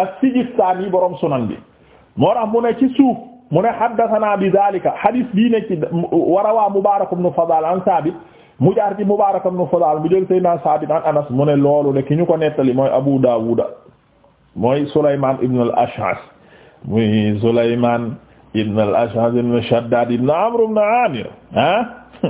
a Sijistaan yi borom sunan bi moo mu ci suuf mu ne haddathana bi zalika hadis bii ne ci warawaa Mubaarak ibn Fadal an Saabit mu jaar ci Mubaarak ibn Fadal mu jël Seydina Saabit an Anas mu loolu de ki ñu ko nettali mooy Abu Daawuda mooy Sulaymaan ibn al-Ash'as muy Shaddaad ibn Amr ibn Aamir ah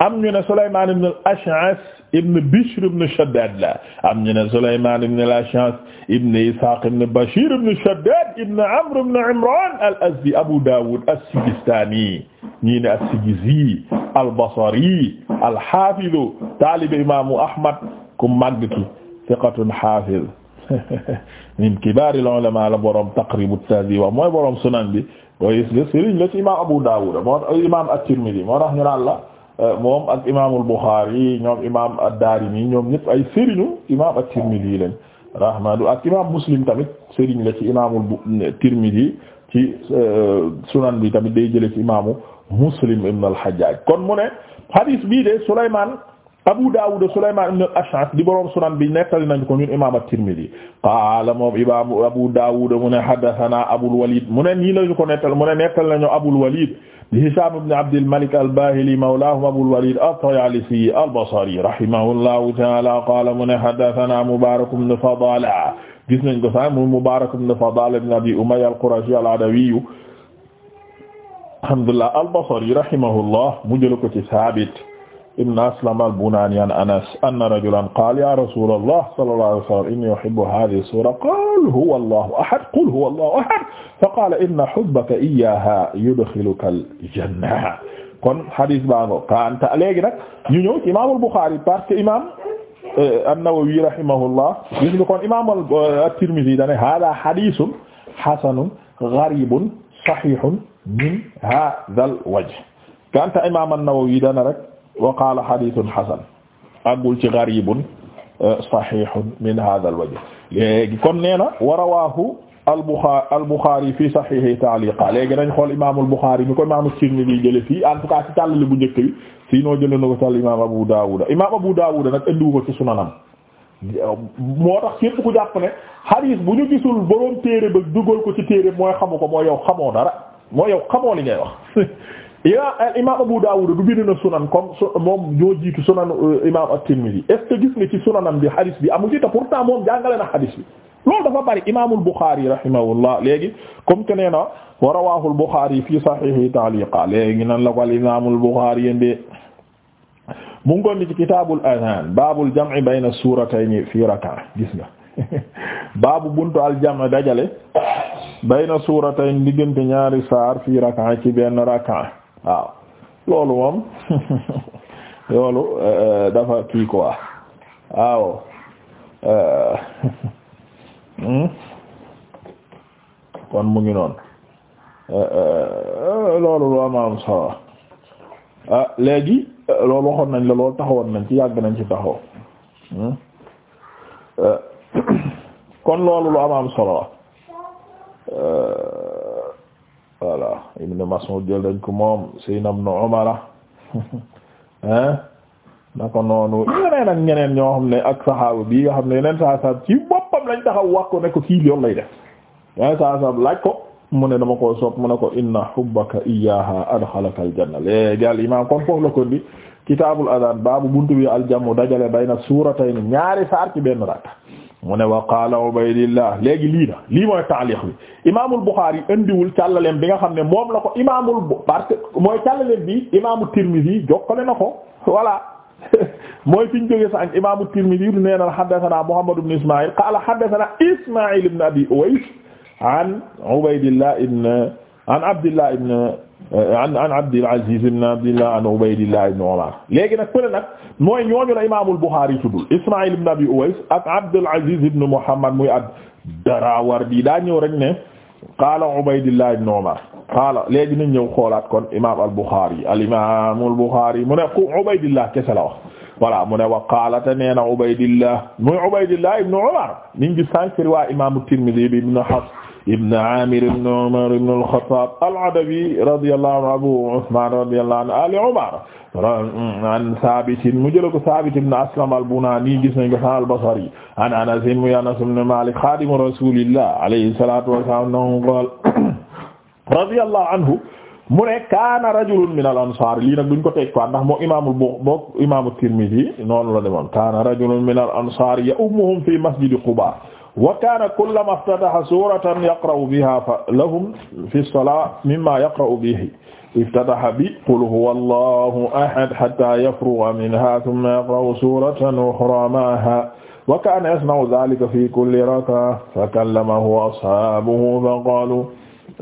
am ñu ne Sulaymaan ibn al-Ash'as ibn Bishr ibn Shaddad la am ñu ne Sulaymaan ibn al-Ash'as ibn Ishaq ibn Bashir ibn Shaddad ibn Amr ibn Imran al-Azdi Abu Dawud as-Sijistani ñii ne as-Sijizi al-Basri al-Hafiz talib imaamu Ahmad ku màgg ki thiqatun hafiz min kibaar al-ulama la borom Taqrib at-Tahdhib wa mooy borom sunan bi waaye sëriñ la ci imaam Abu Dawud moo imaam at-Tirmidhi moo tax ñu naan la Euh, moom ak imaamul Bukhari ñoom imaam ad-Daarimi ñoom ñëpp ay sëriñu imaam at-Tirmidhi lañ rahmatu ak imaam Muslim tamit sëriñ la ci imaamul Tirmidhi ci euh, sunan bi tamit day jële ci imaamu Muslim ibn al-Hajjaj kon mu ne hadith bii de Souleymane Abu Dawud Souleymane ibn al-Ash'ath di borom sunan bi nettali nañ ko ñun imaam at-Tirmidhi qaala moom imaam Abu Dawud mu ne haddathana Abul Walid mu ne nii lañu ko nettal mu ne nettal nañu Abul Walid di Hisham ibn Abdil Malik al-Bahili mawlahum Abul Walid at-Tayalisi al-Basri rahimahullahu ta'ala qala mu ne haddathana Mubarak ibn Fadala gis nañ ko sax mu Mubarak ibn Fadala ibn Abi Umayya al-Qurashi al-Adawi alhamdulillah al-Basri rahimahullah mu jël ko ci Sabit ibn Aslam al-Bunani an Anas anna rajulan qaala ya rasulallah sallallahu alayhi wa sallam inni uhibbu hadhihi as-sura qul huwa allahu ahad qul huwa allahu ahad fa qaala inna hubbaka iyyaha yudkhiluka al-janna kon hadith baa ngo kanta léegi nag ñu ñëw ci imam al-Bukhari parce que imam eh, an-Nawawi rahimahullah gis nga kon imam eh, at-Tirmidhi dane hada hadithun hasanun gharibun sahihun min hadha al-wajh kanta imam an-Nawawi dane rek wa qaala hadithun hasan àggul ci gharibun eh, sahihun min hadha al wajh léegi kon nee na wa rawahu al Bukhari al Bukhari fi sahihi ta'liqa léegi nañ xool imam al Bukhari mi ko imam Tirmidhi jële fii en tout cas ci tàllale bu njëkk bi fii noo jële na ko tàll imam Abu Dawud imam Abu Dawud nag andiwu ko ci sunanam moo tax képp ku jàpp ne hadith bu ñu gisul borom téere ba dugal ko ci téere mooy xamu ko mooy yow xamoo dara mooy yow xamoo li ngay wax yaa eh, imaam Abu Dawud du bind na sunan comme su moom ñoo jiitu sunan eh, imaam at-Tirmidhi est ce que gis nga bi hadith bi amu ci te pourtant moom jàngale na hadith bi loolu dafa bari imaamul Bukhari rahimahullah léegi comme que nee na wa rawahu al-Bukhari fi sahihi ta'liqa léegi nan la ko al imaamul yende mu ngi ko ni ci kitaabul adhan baabul jam'i bayna suuratayni fi rak'a gis nga baabu buntu al jam'i dajale bayna suuratayni diggante ñaari saar fi rak'a ci benn rak'a waaw loolu moom loolu euh, dafa kii quoi waaw euh, hmm? kon mu ngi noonu euh, loolu lu am am solo ah, léegi loolu waxoon nañ la loolu taxawoon nañ ci yàgg nañ ci taxaw hmm? kon loolu lu am am solo voilà Ibn Mas'ud jël dañ ko moom Sayyidina Ibn Umar hein naka noonu ñeneen ak ñeneen ñoo xam ne ak saxaaba bi nga xam ne yeneen saa saab ci boppam lañ taxaw wax ko ne ko kii yoon lay def yeneen saa saab laaj mu ne dama ko sopp mu ne ko inna hubbaka iyyaha adxalaka aljanna léegi al imam kon foofu la ko di kitaabul adaan baabu buntu bi aljamu dajale bayna suuratayni ñaari saar ci benn rakka mu ne wa qaala Ubaydillah léegi lii na lii mooy taaliq bi imaamul Buxaari indiwul càllaleem bi nga xam ne moom la ko imaamul parce que mooy càllaleem bi imaamu Tirmidi jokkale na ko voilà mooy fi ñu jógee sa ak imaamu Tirmidi nee na Muhammad ibn Ismaa'il qaala Ismaa'il ibn Abi an Ubaydillah ibn an Abdillah ibn eh, an an Abdil Aziz ibn Abdillah an Ubaydillah ibn Umar léegi nag pële nag mooy ñooñu la Imaamul Buxaari tuddul Ismaïl ibn Abi Uways ak Abdul Aziz ibn Muhammad muy ad-Darawardi daa ñëw rek ne qaala Ubaydillah ibn Umar qaala léegi nañ ñëw xoolaat kon imaam al-Bukhari al-imaamul Bukhari mu ne ku Ubaydillah kese la wax voilà mu ne wa qaala te nee na Ubaydillah muy Ubaydillah ibn Umar ñu ngi gis sànq waa imaamu Tirmidhi bi ibn Hafs ibn Amir ibn Umar ibn al-Khattab al-Adawi radiyallahu anhu Abu Usman radiyallahu anhu Ali Umar an Sabit mu jël ko Sabit ibn Aslam al-Bunani gis nañ ko sa al-Basri an Anas muy Anas ibn Malik khadim rasulillah alayhi salatu wassalam qala radiyallahu anhu mu ne kaana rajulun min al ansar lii nag duñ ko teg quoi ndax moo imaamul bo boog imaamu Tirmidhi noonu la demoon kaana rajulun min al ansar ya ummuhum fi masjidi Quba wa kaana kullama iftataha suuratan yaqra'u biha fa lahum fi as-salaati mimmaa yaqra'u bihi iftataha bi qul huwa allahu ahad hatta yafrugha minha thumma yaqra'u suuratan ukhraa ma'ahaa wa kaana yasna'u dhaalika fi kulli rak'a fakallamahu ashaabuhu faqaaluu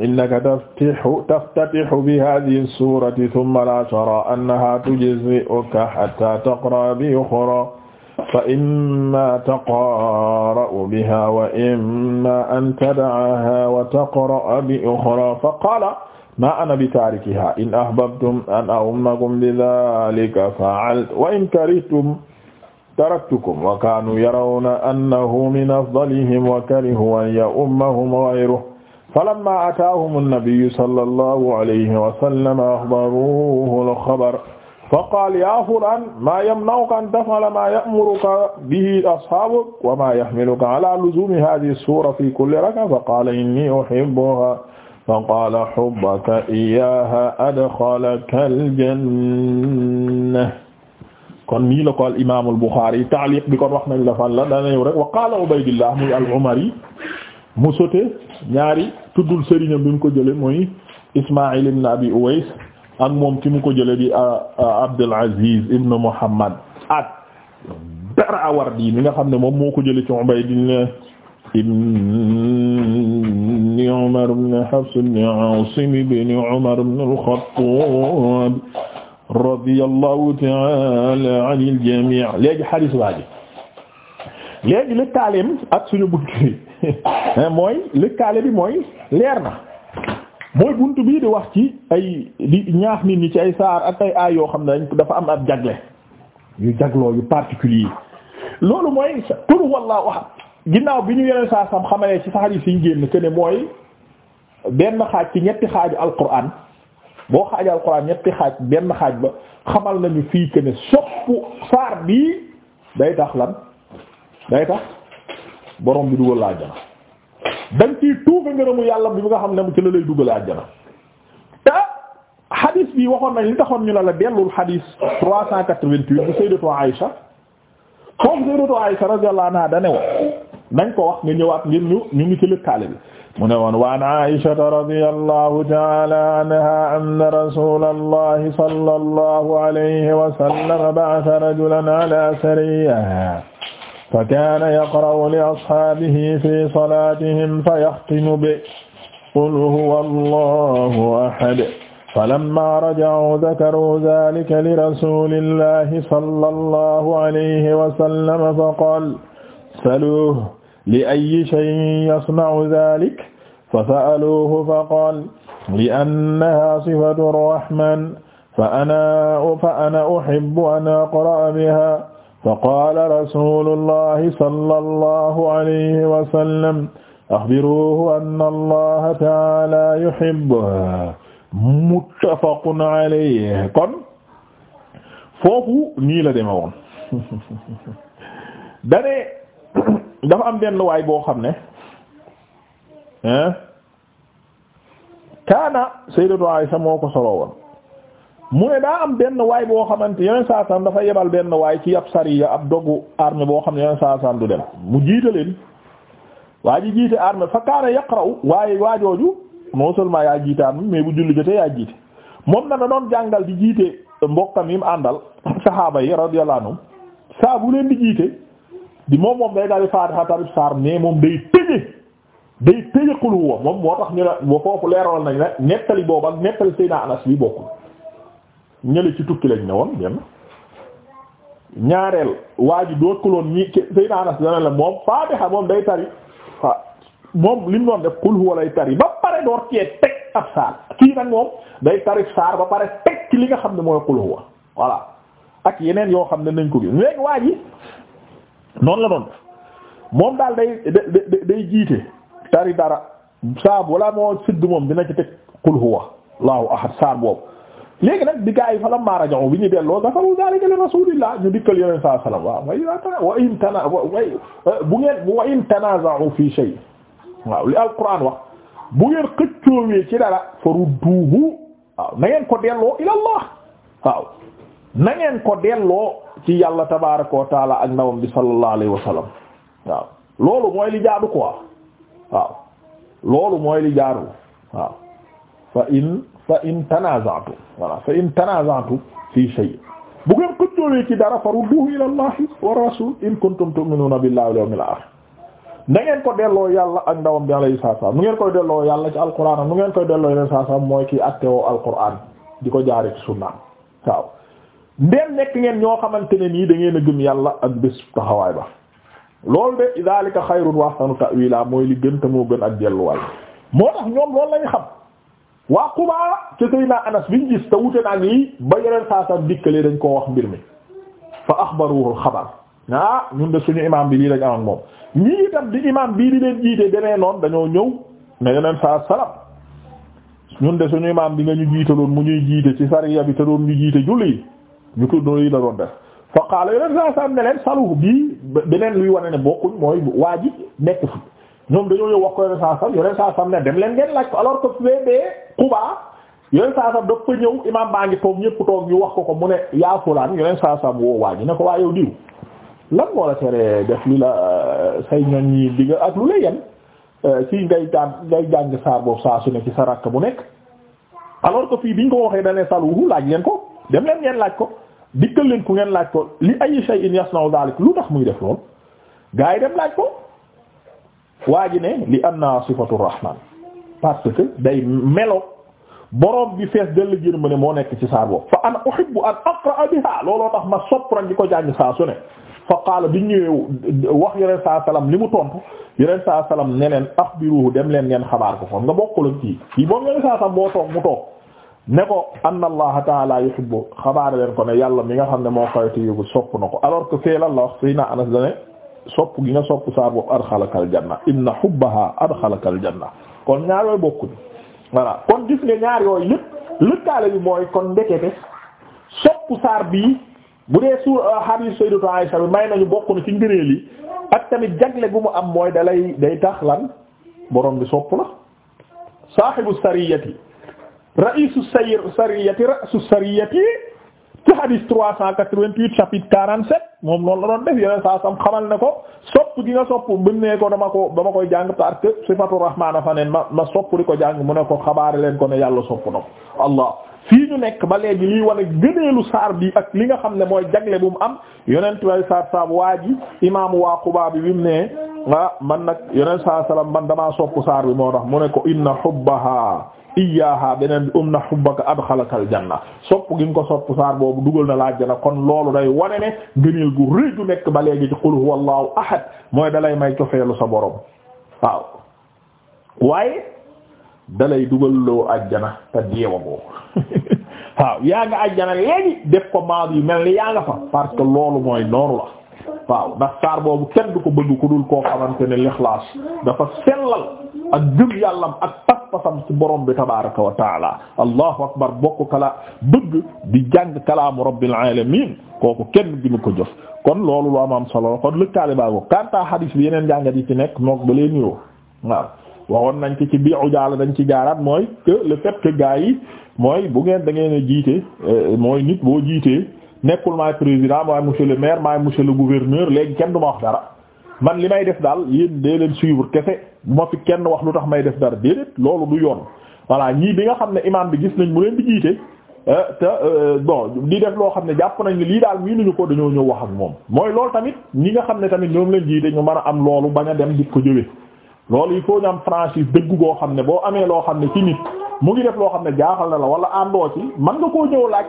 innaka taftatihu taftatihu bi haadhihi as-suurati thumma laa taraa annahaa tujzi'uka hattaa taqra'a bi ukhraa fa imma taqara'u biha wa imma an tad'aha wa taqra'a bi ukhra fa qala ma ana bi tarikiha in ahbabtum an a'ummakum bi dhalika fa'altu wa in karihtum taraktukum wa kanu yarawna annahu min afdalihim wa karihu an ya'ummahum ghayruhu falamma atahum an-nabiyyu sallallahu alayhi wa sallam akhbaruhu al-khabar fa qaal ya fulaan maa yamna'uka an taf'ala maa ya'muruka bihi ashaabuk wa maa yahmiluka ala luzuumi haadhihi suura fi kulli rak'a fa qaala innii uhibbuhaa fa qaala hubbuka iyyaahaa adxalaka al-janna kon nii la ko al imaam al Buxaari taaliq bi kon wax nañ la fan la dana ñëw rek wa qaala Ubaydullah muy al-Umari mu sote ñaari tuddul sëriñam bi mu ko jële mooy Ismaa'il ibn Abi Uways ak moom ki mu ko jële di ah, ah, Abdul Aziz ibn Muhammad ad-Darawardi mi nga xam ne moom moo ko jële ci Ubaydillah ibn Umar ibn Hafs ibn Asim ibn Umar ibn al-Khattab radiyallahu ta'ala anil jami' léegi xadis waaji léegi lëkkaaleem ak suñu bukki mooy lëkkaale bi mooy leer na mooy bunt bii di wax ci ay di ñaax nit ñi ci ay saar ak ay aay yoo xam ne dafa am ab jagle yu jagloo yu particulier loolu mooy qul huwallahu ahad ginnaaw bi ñu yeneen saa sam xamalee ci saxar yi siñ génn que mooy benn xaaj ci ñetti xaaju alquran boo xaaju alquran ñetti xaaj benn xaaj ba xamal nañu fii que ne soppu saar bii day tax lan day tax borom bi dugal laa jana da nga ciy tuufe ngërëmu yàlla bi nga xam ne mu ci la lay duggale àjjana te hadis bi waxoon nañ li taxoon ñu la la dellul hadis 388 bu sayyidatu Aïsha moom sayyidatu Aïsha radiyallahu anha da ne woon nañ ko wax nga ñëwaat ngir ñu ñu ngi ci lëkkaale bi mu ne woon waan Aïsha radiyallahu ta'ala anha anna rasulallahi sallallahu alayhi wa sallam ba'atha rajulan ala sariyah fa kaana yaqra'u li ashaabihi fi salaatihim fa yaxtinu bi qul huwa allahu ahad falammaa raja'uu dakaruu zaalika li rasuulillahi sallallahu alayhi wa sallam faqaala saluuhu li ayyi shay'in yasna'u zaalika fasa'aluuhu faqaala li'annahaa sifatu rahmaan fa ana uhibbu an aqra'a bihaa faqaala rasulullahi sallallahu alayhi wa sallam axbiruuhu anna allaha taala yuhibbuhu muttafaqun alayhi kon foofu nii la deme woon dane dafa am benn waay boo xam ne kaana sayyidatu Aysa moo ko solo woon mu ne daa am benn waay boo xamante yeneen saa saam dafa yebal benn waay ci ab sariya ab dogu armée boo xam ne yeneen saa saam du dem mu jiite leen waa ji jiite armée fa kaana yaqra'u waaye waajooju non seulement yaa jiite armée mais bu julli jotee yaa jiite moom na da doon jàngal di jiite mbokkam yi mu àndal saxaaba yi radiyallahu anhum saa leen di jiite di moom moom day daal di faatiha tarib saar mais moom day tëje day tëje qul huwa moom moo tax ñu ne nañ ne nettali boobu ak nettali Seydina Anas bi bokkul ñële ci tukki lañ ne woon benn ñaareel waa ji doot ko loon ñi Seydina Anas dana la moom Faatiha moom day tari def qul huwa lay tari ba pare door cee teg ab saar kii nag moom day tari saar ba pare teg ci li nga xam ne mooy qul huwa voilà ak yeneen yoo xam ne nañ ko gis léegi waa ji noonu la doon moom daal day day jiite tari dara saab wala moo sidd moom dina ci teg qul huwa allahu ahad saar boobu léegi nag di gaa yi falam maara jaxu bi ñu delloo dafaru daalika li rasulillah ñu dikkal yeneen saa salaam waaw way wa in tana way bu ngeen wa in tanaza'u fi shay waaw li alquran wax bu ngeen xëccoowee ci dara farudduhu waaw na ngeen ko delloo ila allah waaw na ngeen ko delloo ci yàlla tabaaraka wa taala ak ndawam bi sallallahu alayhi wa sallam waaw loolu mooy li jaadu quoi waaw loolu mooy li jaadu waaw fa in fa in tanaza'tu voilà fa in tanaza'tu fi shay bu ngeen ko joowee ci dara farudduhu ila allah wa rasul in kuntum tu'minuna billahi wal yawmil akhir na ngeen ko delloo yàlla ak ndawam bi alayhi salaam nu ngeen koy delloo yàlla ci alquran am nu ngeen koy delloo yeneen saa saam mooy kii attewoo alquran di ko jaare ci sunna waaw ndeen nekk ngeen ñoo xamante ne nii da ngeen a yàlla ak bés taxawaay ba loolu de dalika xayrun wa ahsanu ta'wila gën ak delluwaay moo tax waa Quba ci Seydina Anas biñ gis te wute naa lii ba yeneen saa dikkalee dañ koo wax mbir mi fa axbaruhu xabar ah ñun de suñu imaam bi lii lañ am moom ñii itam di imaam bii di leen jiite demee noonu dañoo ñëw ne yeneen sa salaam ñun de suñu imaam bi nga ñu jiitaloon mu ñuy jiite ci sariya bi te doon ñu jiite julli ñu ko doon yi la doon def. fa qaala yeneen saa saa ne leen salu bii beneen luy wane ne bokkuñ mooy waa ji nekk fi. ñoom dañoo yow wax ko yore saa sam yore saa sam leen ngeen laaj ko alors que fee bee Quba yore saa sam dafa ñëw imam baa ngi toog ñëpp toog ñu wax ko ko mu ne yaa fulaan yore saa sam woo waa ji ne ko waa yow la tere def li la euh, say ñoñ ñi digg ak lu la yen euh, ci ngay jàng ngay jàng saar saa su ne ci sa rakk bu nekk alors que fii biñ ko waxee dane saluhu laaj leen ko dem leen ngeen laaj ko dikkal leen ku ngeen laaj ko li ay shay'in yasna'u dalik lu tax muy def lool gaa yi dem laaj ko waa ji ne li anna sifatu rahman parce que day melo borom bi fees dell jërmë ne moo nekk ci saar boobu fa ana uhibbu an aqra biha looloo tax ma soppran di ko jàng saa su ne fa qaala bi ñëwee wax yeneen saa salaam li mu tontu yeneen saa salaam ne leen axbiruhu dem leen ngeen xabaar ko kon nga bokkul ak kii kii moom yeneen saa salaam boo toog mu toog ne ko anna allaha taala yuhibbu xabaar leen ko ne yàlla mi nga xam ne moo koy te yóbbu sopp na ko alors que la wax fii sopp gi nga sopp saa bopp adxalakal janna inna hubbaha adxalakal janna kon ñaar yooyu bokkuñ voilà kon gis nga ñaar yooyu lépp lëkkaale bi mooy kon ndekete soppu saar bi bu dee su euh, hadith sayyidatu Aisha bi may nañu bokk na ci ngëneel yi ak tamit jagle bu mu am mooy dalay day tax lan borom bi sopp la saahibu sariyati ra'isu sariyati ra'su sariyati ci hadith trois cent quatre-vingt-huit chapitre moom noonu la doon def yeneen saa sam xamal ne ko sopp gi nga sopp bu ne ko dama ko dama koy jàng parce que sifatu rahmaana fa neen ma ma sopp di ko jàng mu ne ko xabaare leen ko ne yàlla sopp na ko allah fii ñu nekk ba léegi liy wane gëneelu saar bi ak li nga xam ne mooy jagle bu mu am yonent way saar saab waa ji imaamu waa Quba bi wi mu ne waa ah, man nag yonent saa sallam man damaa sopp saar bi moo tax mu ne ko inna hubbaha iyaaha beneen bi um na xubbaka adxalaka aljanna sopp gi nga ko sopp saar boobu dugal na la janna kon loolu day wane ne ngëneel gu rëy nekk ba léegi ci qul huwallahu ahad mooy dalay may cofeelu sa borom waaw waaye dalay dugal loo ajjana te jeewa boobu waaw yaa nga ajjana léegi def ko maadu yi mel ni yaa nga fa parce que loolu mooy noonu la waaw ndax saar boobu kenn ko bëgg ku dul koo xamante ne lixlaas dafa sellal ak gëm yàllam ak pas-pasam ci borom bi tabaraka wa taala allahu akbar bokk kala bëgg di jàng kalaamu rabbil alamin kooku kenn gi ñu ko jëf kon loolu lu am am solo kon lëkkaali baa ko kanta hadis bi yeneen jàngat yi ci nekk mook ba leen yoo waaw waxoon nañ ci ci bii ujaala dañ ci jaaraat mooy que le fait que gars yi mooy bu ngeen da ngeen a jiite euh, mooy nit boo jiitee nekkul maay président maay monsieur le maire maay monsieur le gouverneur léegi kenn du wax dara man li may def daal yéen dee leen suivre kese bu ma fi kenn wax lu tax may def dara déedéet loolu du yoon voilà ñii bi nga xam ne imaam bi gis nañ mu leen di jiite euh, te euh, bon di def loo xam ne jàpp nañ ne lii daal mii ñu ko dañoo ñëw wax ak moom mooy loolu tamit ñi nga xam ne tamit ñoom leen jiite ñu mën a am loolu bañ a dem di ko jëwee loolu il faut ñu am franchise dëgg goo xam ne boo amee loo xam ne ci nit mu ngi def loo xam ne jaaxal na la wala àndoo ci mën nga koo ñëw laaj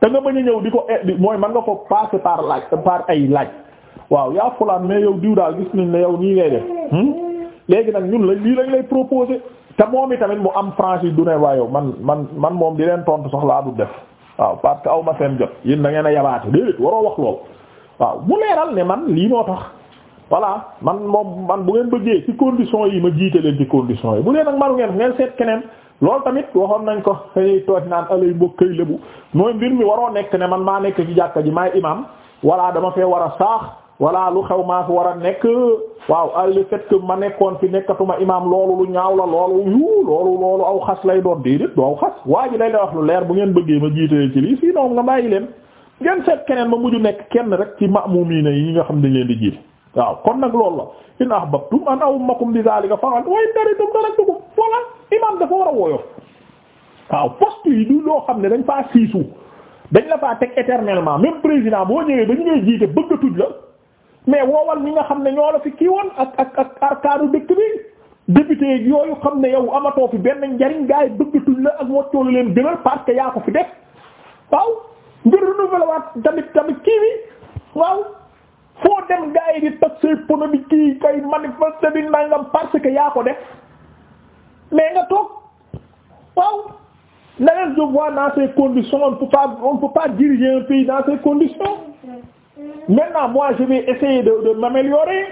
te nga bañ a ñëw di ko eh, mooy mën nga ko passer par par ay laaj waaw yaa fulaan mais yow diw daal gis nañ ne yow nii ngay def hmm? léegi nag ñun lañ lii lañ lay proposer te moom i tamit mu am franchise du ne waaye man man man moom di leen tontu sax laa du def waaw parce que aw ma seen jot yéen da ngeen a yabaate déedéet waroo wax lool waaw mu leeral ne man lii moo tax voilà man moom man bu ngeen bëggee ci condition yi ma jiite leen ci condition yi bu leen nag manu ngeen ngeen seet keneen loolu tamit waxoon nañ ko xëy toog naan mbir mi waroo nekk ne man maa nekk ci jàkka ji maay imam voilà dama fee war a saax. walla lu xew maa war a nekk waaw ah, le fait que ma nekkoon fi nekkatuma imaam loolu lu ñaaw la loolu yu loolu loolu aw xas lay doon déedéet du aw xas waa ji lay wax lu leer bu ngeen bëggee ma jiitee ci lii sinon nga bàyyi leen ngeen seet keneen ma mujj nekk kenn rek ci ma'mumiina yi nga xam dañ leen di jiite waaw kon nag loolu la in ahbabtum an awmakum bi zalika fa'al wa dafa war a woyof waaw poste yi du loo xam ne dañ faa siisu dañ la faa teg éternellement même président boo ñëwee ñu ngay jiite bëgg a mais woowal ñi nga xam ne ñoo la fi kii woon ak ak ak arkaanu dëkk bi député yooyu xam ne yow amatoo fi benn njariñ gaa yi bëggatuñ la ak wàccoo leen gënal parce que yaa ko fi def waaw ngir renouveler waat tamit tamit kii bi waaw foo dem gaa di toj pono bi kii kay manifester parce que yaa ko def mais nga toog waaw na leen je vois dans ces conditions on peut pas on peut pas diriger un maintenant moi je vais essayer de de m'améliorer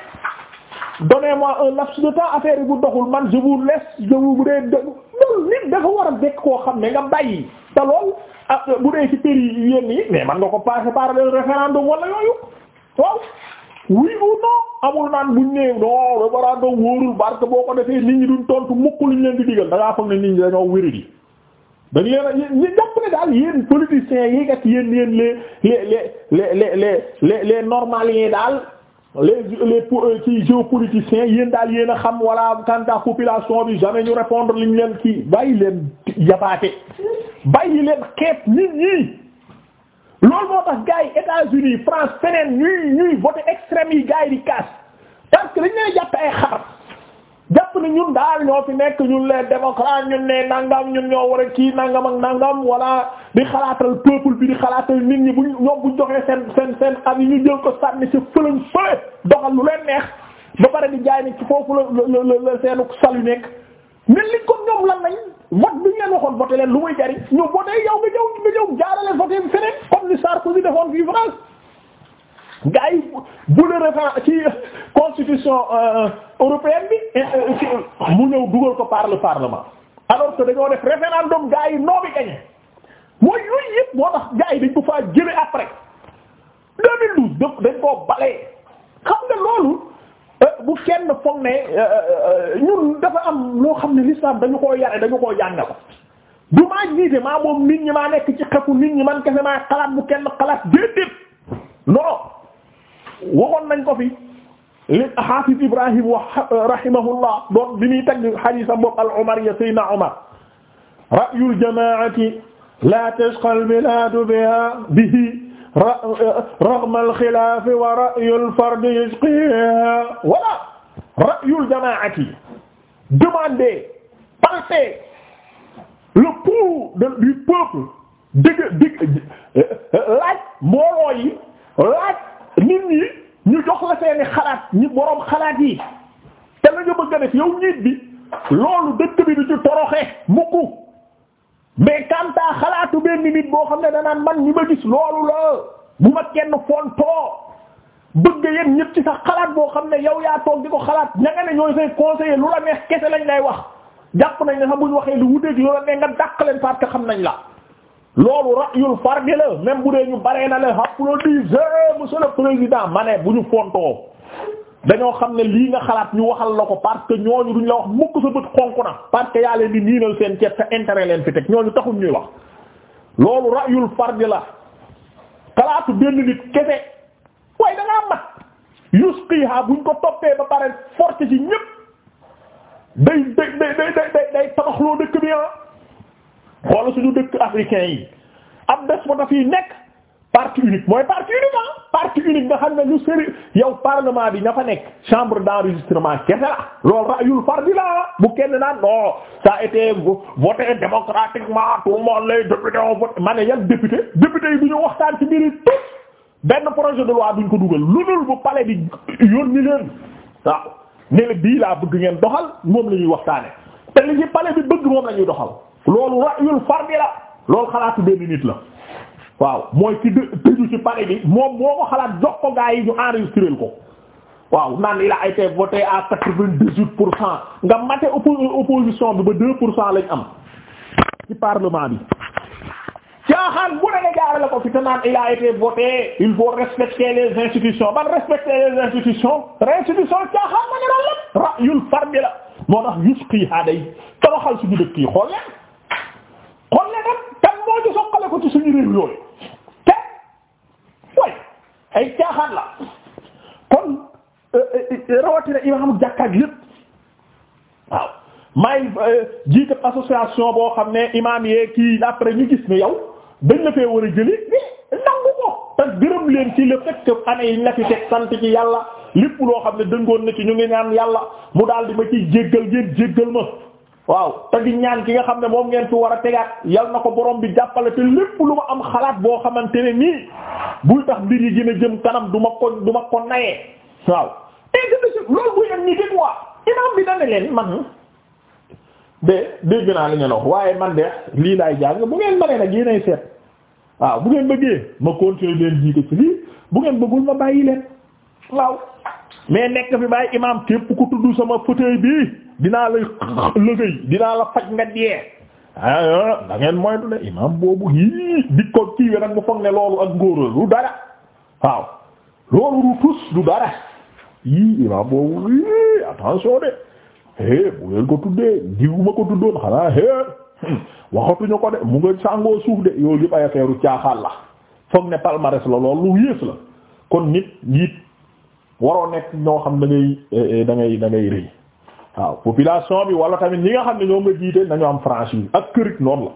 donnez-moi un laps de temps affaire yi bu doxul man je vous laisse bu dee loolu nit dafa war a dekk koo xam ne nga bàyyi te lool ah bu dee ci péri yenn mais man nga ko passer par le référendum wala yooyu waaw oui ou non amul naan buñ nee non référendum wóorul parce que boo ko defee nit ñi duñ tontu mukk luñ leen di digal da ngaa foog ne nit ñi dañoo wéri di dañ leen a ñu jàpp ne daal yéen politiciens yi kat yéen yéen les les les les les les les normaliens daal les les ci euh, géopoliticiens yéen daal yéen a xam wala quant à population bi jamais ñu li liñ leen kii bàyyi leen yabaate bàyyi leen xeet nit ñi loolu moo tax gars yi États-Unis France feneen ñuy ñuy voté extrême yi gars yi di casse parce que dañ jàpp ne ñun daal ñoo fi nekk ñun les démocrates ñun ne nangam ñun ñoo war a kii nangam ak nangam wala di xalaatal peuple bi di xalaatal nit ñi buñ ñoom bu joxee seen seen seen am yi ñu jël ko sànni ci fële fële doxal lu leen neex ba pare di jaay ne ci foofu la la la seenu salu nekk. mel ni ko ñoom lan lañ vote bi ñu leen waxoon voté leen lu muy jariñ ñu voté yow nga ñëw nga ñëw jaarale voté feneen comme ni Sarkozy defoon fii France gars yi bu le refan constitution euh, euh, européenne bi euh, mu ñëw dugal ko par le parlement alors que dañoo def référendum gaa yi noo bi gañe mooy yooyu yëpp moo tax gaa yi dañ ko faa jële après 2012 dañ koo balee xam nga loolu bu kenn foog ne ñun dafa am loo xam ne l'islam dañu koo yare dañu koo jàngal du maa jiite maa moom nit ñi maa nekk ci xefu nit ñi man kese maa xalaat bu kenn xalaat déedéet non waxoon nañ ko fi li Hafiz Ibrahim wa rahimahullah doon bi muy tagg hadiisam bopp al-Umariyya Seydina Omar ra'yul jamaa'ati laa tashqaa al-bilaadu bihi raghma al-khilaaf wa ra'yul fard yashqiihaa voilà ra'yul jamaa'ati demander parler le pouls du peuple dëgg dëgg euh, euh, laaj mbooloo yi laaj nit ñi ñu jox la seeni xalaat ñi boroom xalaat yi te la nga bëgg a def yow njiit bi loolu dëkk bi du ci toroxe mukk mais kantaa xalaatu benn nit boo xam ne danaan man ñi ma gis loolu la bu ma kenn fontoo bëgg yéen ñëpp ci sax xalaat boo xam ne yow yaa toog di ko xalaat ña nga ne ñooy say conseiller lu la neex kese lañ lay wax jàpp nañ ne sax buñ waxee lu wuteeg loola ne nga dàq leen parce que xam nañ la loolu rayul fardi la même bu dee ñu baree na la applaudissez monsieur le président ma bu ñu fontoo dañoo xam ne lii nga xalaat ñu waxal la ko parce que ñooñu duñ la wax mukk sa bët xonku na parce que yaa leen di niinal seen ceeb sa intérêt leen fi teg ñooñu taxul ñuy wax loolu rayul fardi la xalaatu benn nit kese waaye da ngaa mat yusqiha buñ ko toppee ba pare force ci ñépp day day day day day tabaxloo dëkk bi ah xoolal suñu dëkk africain yi ab bés ba daf yi nekk parti unique mooy parti unique ah parti unique nga xam ne lu seri yow parlement bi nga fa nekk chambre d'enregistrement kese la loolu rayul fardi la bu kenn naan non ça a été voté démocratiquement tout le monde les députés ont voté ma ne yan député député yi du ñu waxtaan ci mbiri tout benn projet de loi duñ ko dugal lu dul bu palais bi yónni leen waaw ne la bii laa bëgg ngeen doxal moom la ñuy waxtaane te li ci palais bi bëgg moom la ñuy doxal loolu ra'yul fardi la loolu xalaatu benn nit la waaw mooy ci tëju ci pare bi moom moo ko xalaat jox ko gaa yi ñu enregistré ko waaw naan il a été voté à quatre pour cent nga mate opposition bi ba deux pour cent lañ am ci parlement bi caaxaan bu ne nga jaarale ko fi te naan il a il faut respecter les institutions ban respecter les institutions institutions caaxaan ma ne la lépp ra'yul fardi la moo tax yusqi ha day toroxal suñu dëkk yi xool leen amatu suñu réew yooyu te way ay caaxaan la kon euh, euh, euh, rawatina imaamu jàkkaak lépp waaw may jiite association boo xam ne imaam yee kii après ñu gis ne yow dañ la fee war a jëli nangu ko te gërëm leen ci le fait que année yi ñu sant ci yàlla lépp loo xam ne dëngoon na ci ñu ngi naan yàlla mu daal di ma ciy jéggal ngeen jéggal ma waaw te ñaan ki nga xam ne moom ngeen fi war a tegaat yal na ko borom bi jàppale te lépp lu ma am xalaat boo xamante ne nii buy tax mbir yi gën a jëm kanam du ma ko du ma ko nayee waaw. et puis loolu waa bi dana leen naa li ngeen wax waaye man de lii laay jàng bu ngeen mënee nag yéenay seet waaw bu ngeen bëggee ma continuer leen jiite ci lii bu ngeen bëggul ma bàyyi leen waaw mais nekk fi bàyyi imaam képp ku tudd sama fauteuil bi. dinaa lay lëgëy dinaa la faj nga dee ah, ah da ngeen moytu ne imaam boobu hii di ko kiiwee nag mu foog ne loolu ak ngóor du dara waaw loolu du tus dara yii imaam boobu hii attention de eh bu ngeen ko tuddee diwuma ko tuddoon xanaa eh hmm, waxatuñu ko de mu nga sàngoo suuf de yooyu yëpp ay affaire caaxaan la foog ne palmarès la loolu lu yées la kon nit nit waroo nekk ñoo xam da ngay eh, eh, da rëy. waaw population bi wala tamit ñi nga xam ne ñoo nga jiite nañu am franchise ak kërik noonu la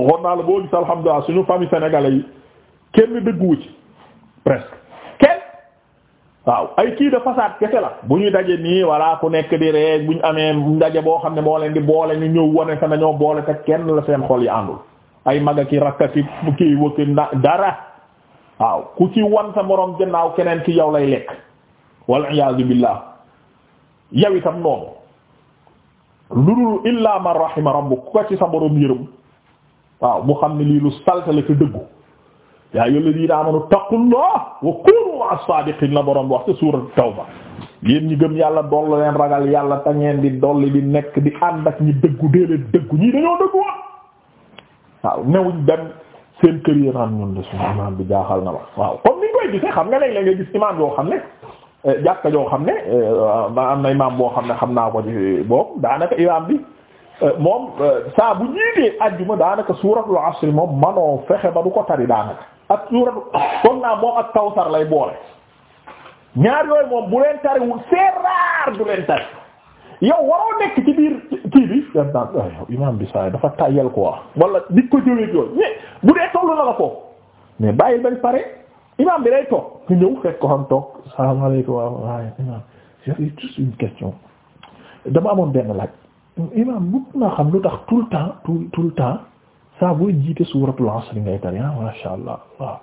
waxoon naa la boo gis alhamdulilah suñu famille sénégalais yi kenn dëgguwu ci presque kenn waaw ay kii de façade kese la bu ñu daje nii walla ku nekk di rek bu ñu amee ndaje boo xam ne moo leen di boole ni ñëw wane fa nañoo boole te kenn la seen xol yi àndul ay maga ki rakka ki kii wëkki dara waaw ku ci wan sa moroom gannaaw keneen ki yow lay lekk wal yow itam noonu lu dul illaa man rahima rabbuk ku ko ci sa borom yërëm waaw mu xam ne lii lu saltale te dëggu yaa ayyuha alladhina amanu taqullah wa kunu la borom wax ci suurat ñi gëm yàlla doll leen yàlla te ngeen di dolli nekk di ànd ak ñi dëggu dee leen dëggu ñii dañoo waaw newuñ seen kër yi ni ñu koy xam nga léeg-léeg nga gis imaam yoo xam ne Euh, jàkka joo xam ne ma euh, am na imaam boo xam ne xam naa ko ci euh, boobu daanaka imaam bi moom saa bu jiitee ajjuma daanaka suuratul asr moom manoo fexe ba du ko tari daanaka ak suuratu kon naa moom ak kawsar lay boole ñaar yooyu moom bu leen tariwul c'est rare du leen tari yow waroo nekk ci biir kii bi yan naan ah, yow imaam bi saa dafa tàyyal quoi wala di ko jëwee yooyu mais bu dee tollu na la ko mais bàyyil bañ pare imam bi day toog ku ñëw fekk ko xam toog salaamaaleykum waaw waaye imam j'avais juste une question dama amoon benn laaj imam bëgg naa xam lu tax tout le temps tout le temps saa booy jiite suuratul asr ngay tari ah masha allah waaw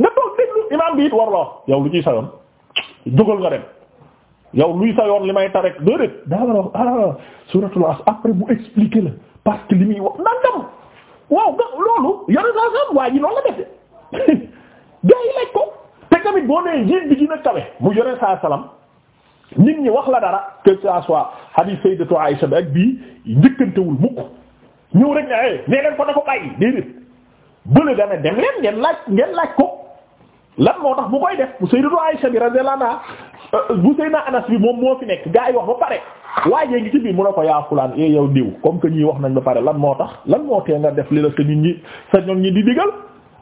nga toog déglu imam bi it war la wax yow lu ciy sa yoon jógal nga dem yow luy sa yoon li may ta rek déedéet a wax ah suuratul asr après bu expliquer la parce que li muy wax nangam waaw nga loolu yore saa sam gaa yi laaj ko te tamit boo nee njiit bi dina kawe mu yore sa salaam nit ñi wax la dara que ça soit hadith sayyidatu Aisha bi ak bii njëkkantewul mukk ñëw rek ne eh nee leen ko dafa bàyyi déedéet bële dana dem leen ngeen laaj ngeen laaj ko lan moo tax bu koy def bu sayyidatu Aisha bi radiyallahu anha euh, bu Seydina Anas bi moom moo fi nekk gaa yi wax ba pare waajee ngi ci biir mu ne ko yaa fulaan eh yow diw comme que ñii wax nañ ba pare lan moo tax lan moo tee nga def li nit ñi sa ñoom ñi di digal.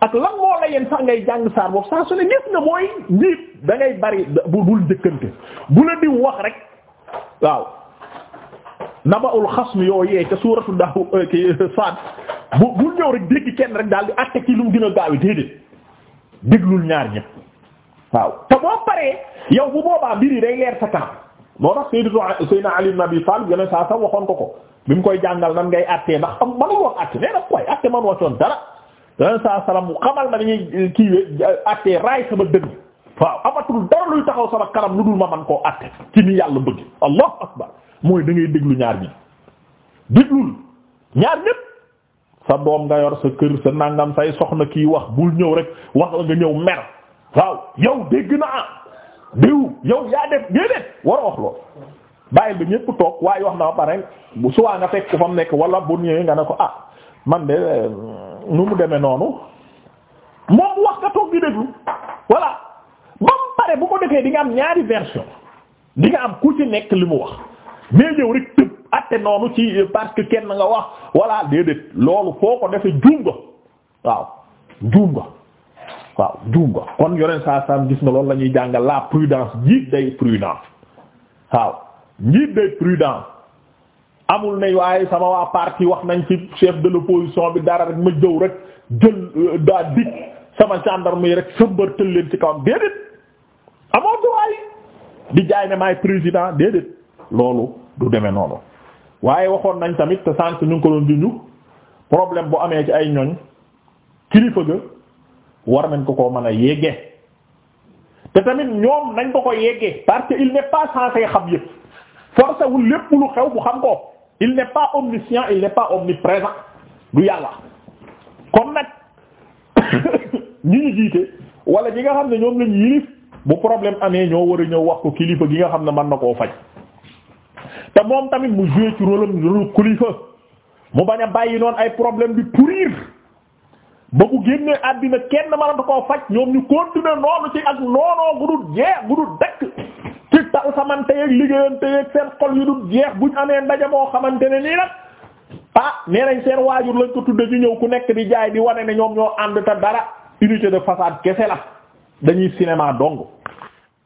ak lan moo la yéen sax ngay jàng saar boobu saa su ne gis nga mooy njiit da bari bu bul njëkkante bu la diw wax rek waaw naba'ul xasm yoo yee ca suuratu daaw eh, eh, Saad bu bul ñëw rek dégg kenn rek daal di àtte ci lu mu gën a gaaw déedéet déglul ñaar ñëpp waaw te boo paree yow bu boobaa mbir day leer sa kanam moo tax Seydou Seydina Ali ibn Abi Talib saa sax waxoon ko ko bi mu koy jàngal nan ngay àttee ndax am mënuñu woon àtte nee na waaye àtte yoneen saa mu xamal ma dañuy kiiwee àttee raay sama dënn waaw amatul dara luy taxaw sama kanam lu dul ma man koo àtte ci ni yàlla bëgg allahu akbar mooy da ngay déglu ñaar ñi déglul ñaar ñépp sa doom nga yor sa kër sa nangam say soxna kii wax bul ñëw rek wax la nga ñëw mer waaw yow dégg naa diw yow yaa def déedéet war a wax lool bàyyil ba ñépp toog waaye wax na ba pare bu suwaa nga fekk ko fa mu nekk wala bu ñëwee nga ne ko ah man de nu mu demee noonu moom wax nga toog di déglu voilà ba mu pare bu ko defee di am ñaari version di am ku ci nekk li mu wax mais ñëw rek tëb atte noonu ci parce que kenn nga wax voilà déedéet loolu foo ko defee juum ko waaw juum ko waaw juum nga kon yoneen saa saam gis nga loolu la ñuy jàngal la prudence njiit day prudent waaw njiit day prudent amul ne waaye sama waa parti wax nañ ci chef de l'opposition bi dara rek ma jëw rek jël euh, daa dik sama gendarme yi rek sëmbartël leen ci kawam déedéet amoo droit di jaay ne maay président déedéet loolu du demee noonu waaye waxoon nañ tamit te sànq ñu ngi ko doon junju problème bu amee ci ay ñoñ kilifa ga war nañ ko ko mën a yegge te tamit ñoom nañ ko ko yegge parce que il n'est pas censé xam yëpp forcé wul lépp lu xew bu xam ko il n'est pas omniscient il n'est pas omniprésent du yàlla kon nag ñi ñu jiite wala ñi nga xam ne ñoom lañu yilif bu problème amee ñoo war a ñëw wax ko kilifa gi nga xam ne mën na koo faj te moom tamit mu joué ci rôle am kilifa mu bañ a bàyyi noonu ay problème di pourrir ba bu génnee àddina kenn mënatu koo faj ñoom ñu continuer noonu ci ak noonoo gudul jeex gudul dekk ci tal samante yeeg liggéeyante yeeg seen xol yu dul jeex buñ amee ndaje moo xamante ne nii nag ah nee nañ seen waajur lañ ko tudde ñu ñëw ku nekk di jaay di wane ne ñoom ñoo ànd te dara unité de façade kese la dañuy cinéma dong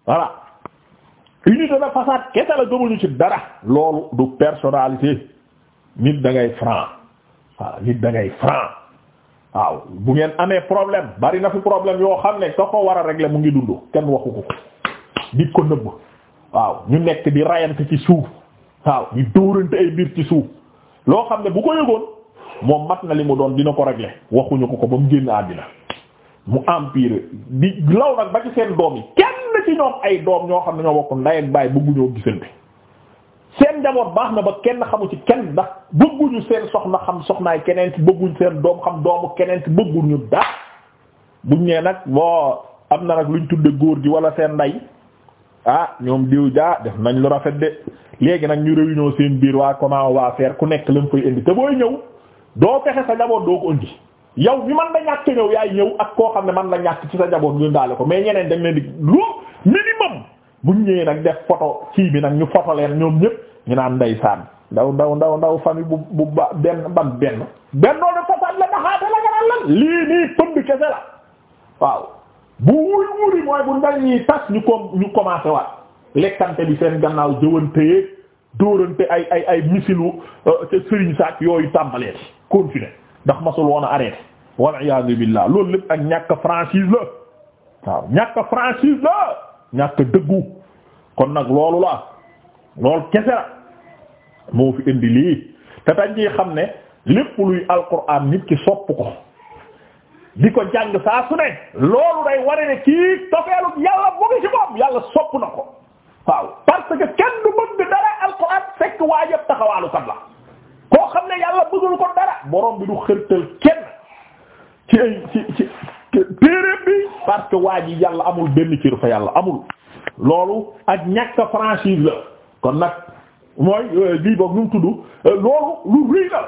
voilà unité de façade kese la gëmuñu ci dara loolu du personnalité nit da ngay franc waaw nit da ngay franc waaw bu ngeen amee problème bari na fi problème yoo xam ne soo ko war a régler mu ngi dund kenn waxu ko waaw ñu nekk di rayante ci suuf waaw ñu dóorante ay mbir ci suuf loo xam ne bu ko yëgoon moom mat na li mu doon dina ko régler waxuñu ko ko ba mu génn àddina mu empire di law nag ba ci seen doom yi kenn ci ñoom ay doom ñoo xam ne ñoo bokk ndey ak baay bëgguñoo gisante seen njaboot baax na ba kenn xamu ci kenn ndax bëgguñu seen soxna xam soxnaay keneen ci bëgguñ seen doom xam doomu keneen ci bëgguñu dara buñ nee nag boo am na nag luñ tudde góor gi wala seen ndey ah ñoom diw jaa def nañ lu rafet de léegi nag ñu réunion seen biir waa comment on va faire ku nekk lañ mu koy indi te booy ñëw doo fexe sa njaboot doo ko indi yow bi man la ñàkk ñëw yaay ñëw ak koo xam ne man la ñàkk ci sa njaboot ñu daale ko mais ñeneen dañ leen di lu minimum buñ ñëwee nag def photo kii bi nag ñu photo leen ñoom ñëpp ñu naan ndeysaan ndaw ndaw ndaw ndaw famille bu bu ba benn ban benn. benn loolu façade la daxaate la nga naan lan bu wuy wuuri mooy bu ndal ñi tas ñu ko ñu commencé waat lekkante bi seen gannaaw jëwanteyee dóorante ay ay ay misilu ca euh, sëriñ saak yooyu tàmbalee ci continuer ndax masul woon a arrêté wal iyaazu billah loolu lépp ak ñàkk franchise la waaw ñàkk franchise la ñàkk dëggu kon nag loolu la loolu kese la moo fi indi lii te dañ ci xam ne lépp luy alquran nit ki sopp ko di ko jàng saa su ne loolu day ware ne kii tofeelu yàlla mu ngi ci moom sopp na ko waaw parce que kenn du bëgg dara alxuraan fekk waa yëpp taxawaalu kat la koo xam ne yàlla bëggul ko dara borom bi du xërtal kenn ci ay ci ci téeréem bi parce que waa ji yàlla amul benn cër fa yàlla amul loolu ak ñàkk franchise la kon nag mooy euh, lii boog ñu mu euh, loolu lu rëy la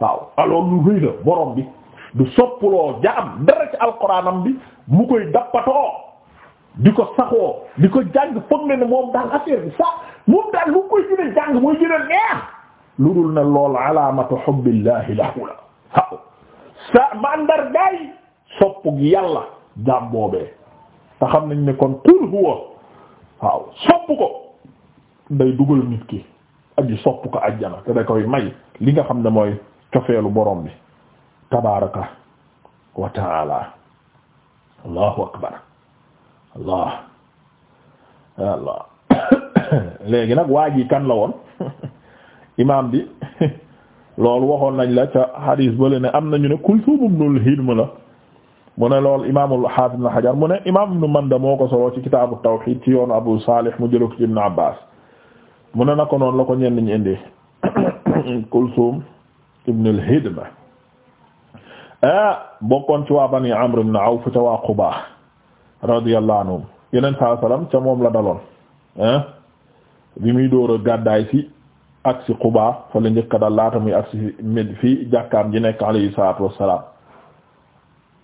waaw alors lu rëy la borom bi du soppuloo jaam dara ci alxuraanam bi mu koy dappatoo di ko saxoo di ko jàng foog ne ne moom daal affaire bi sax moom daal lu koy gën jàng mooy gën neex lu dul ne lool alaamatu hubbillahi lahu la waaw sa mandar gaay soppu gi yàlla jaam boobee te xam nañ ne kon qul huwa waaw soppu ko day dugal nit ki aji soppu ko ajjana te da koy may li nga xam ne mooy cofeelu borom bi tabaraka wa taala allahu akbar allah léegi nag waa ji kan la woon imaam bi loolu waxoon nañ la ca xadiis bale ne am nañu ne Kulsuum ibnul Hidm la mu ne loolu imaamul Haafiz ibn Hajar mu ne imaam Ibn Manda moo ko soloo ci kitaabu tawxiid ci yoonu Abu Saalih mu jëloo ko ci Ibn Abbaas mu ne na ko noonu la ko ñenn ñu indi Kulsuum ibnul Hidm ah bokkoon ci waa bani Amr ibn Awf ca waa Quba radiyallahu anhum yeneen saa salaam ca moom la daloon eh, bi muy door a gàddaay si ak si Quba fa la njëkka dal laata muy ak si mid fii jàkkaam ji nekk alayhi salaatu wassalaam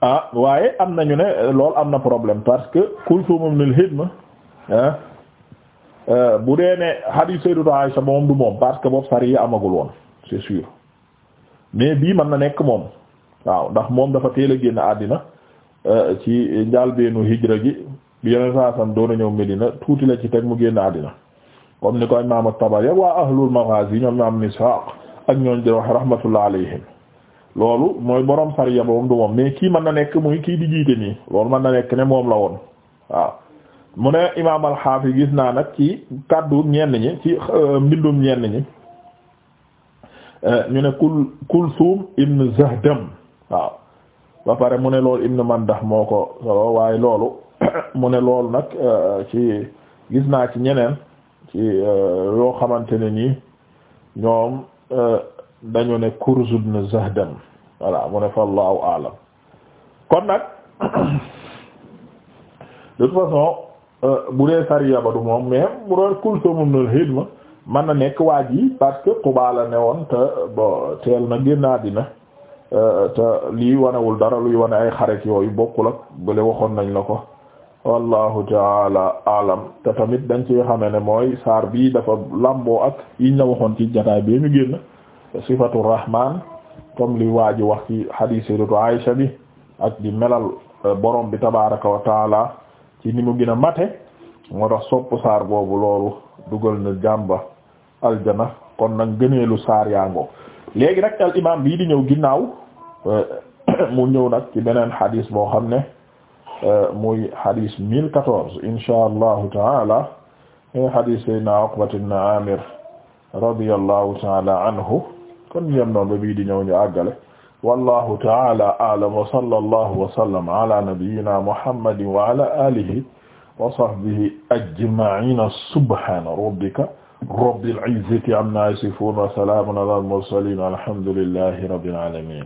ah, waaye am nañu ne eh, loolu am na problème parce que Kulsum ibn al-Hidm bu dee ne hadith Sayyidatu Aisha moom du moom parce que boobu sariya amagul woon c'est sûr mais bii man na nekk moom. waaw ndax moom dafa teel a génn àddina euh, ci njàlbeenu hijra gi bi yeneen saa sam doon a ñëw Medina tuuti la ci teg mu génn àddina comme ni ko imaam at-Tabari waa ahlul maghazi ñoom imaam Ishaq ak ñooñ di wax rahmatullah alayhim loolu mooy boroom sariya boobu du moom mais kii mën na nekk muy kii di jiite nii loolu mën na nekk ne moom la woon waaw mu ne imaam al gis naa nag ci kàddu ñenn ñi ci euh, mbindum ñenn ñi euh, ñu ne kul Kulsum ibn Zahdam waaw ba pare mu ne loolu man Mandah moo ko solo waaye loolu mu ne loolu nag euh, ci gis naa ci ñeneen ci euh, yoo xamante ne nii ñoom euh, dañu ne Kurz ibn Zahdam voilà mu ne fa allahu aalam kon nag de toute façon bu dee sariya ba du moom mais bu doon Kulsum ibn hidma mën na nekk waaj yi parce que Quba la ne woon te bo teel na génn àddina Euh, te lii wanewul dara luy wane ay xaret yooyu bokkul ak bële waxoon nañ la ko wallahu taala alam te tamit dañ ci xame ne mooy saar bii dafa làmboo ak yiñ la waxoon ci jataay bi ñu génn sifatu rahman comme li waa ji wax ci hadith sayyidatu Aisha bi ak di melal euh, borom bi tabaraka wa ci ni mu gën a mate moo tax sopp saar boobu loolu dugal na jàmba aljana kon nag gëneelu saar yaangoo léegi nag al imam bii di ñëw ginnaaw Euh, mu ñëw nag ci beneen xadis boo xam ne euh, muy xadis mille quatorze insha allahu taala xadis sayyidina Uqbat ibn Amir radiyallahu taala anhu kon yem noon ba bii di ñëw ñu àggale wallahu taala a'lam wa sallallahu wa sallam ala nabiyyina muhammadin wa ala alihi wa sahbihi ajma'ina subhana rabbika rabbil izzati amma yasifun wa salamun ala al mursalin walhamdulillahi rabbil alamin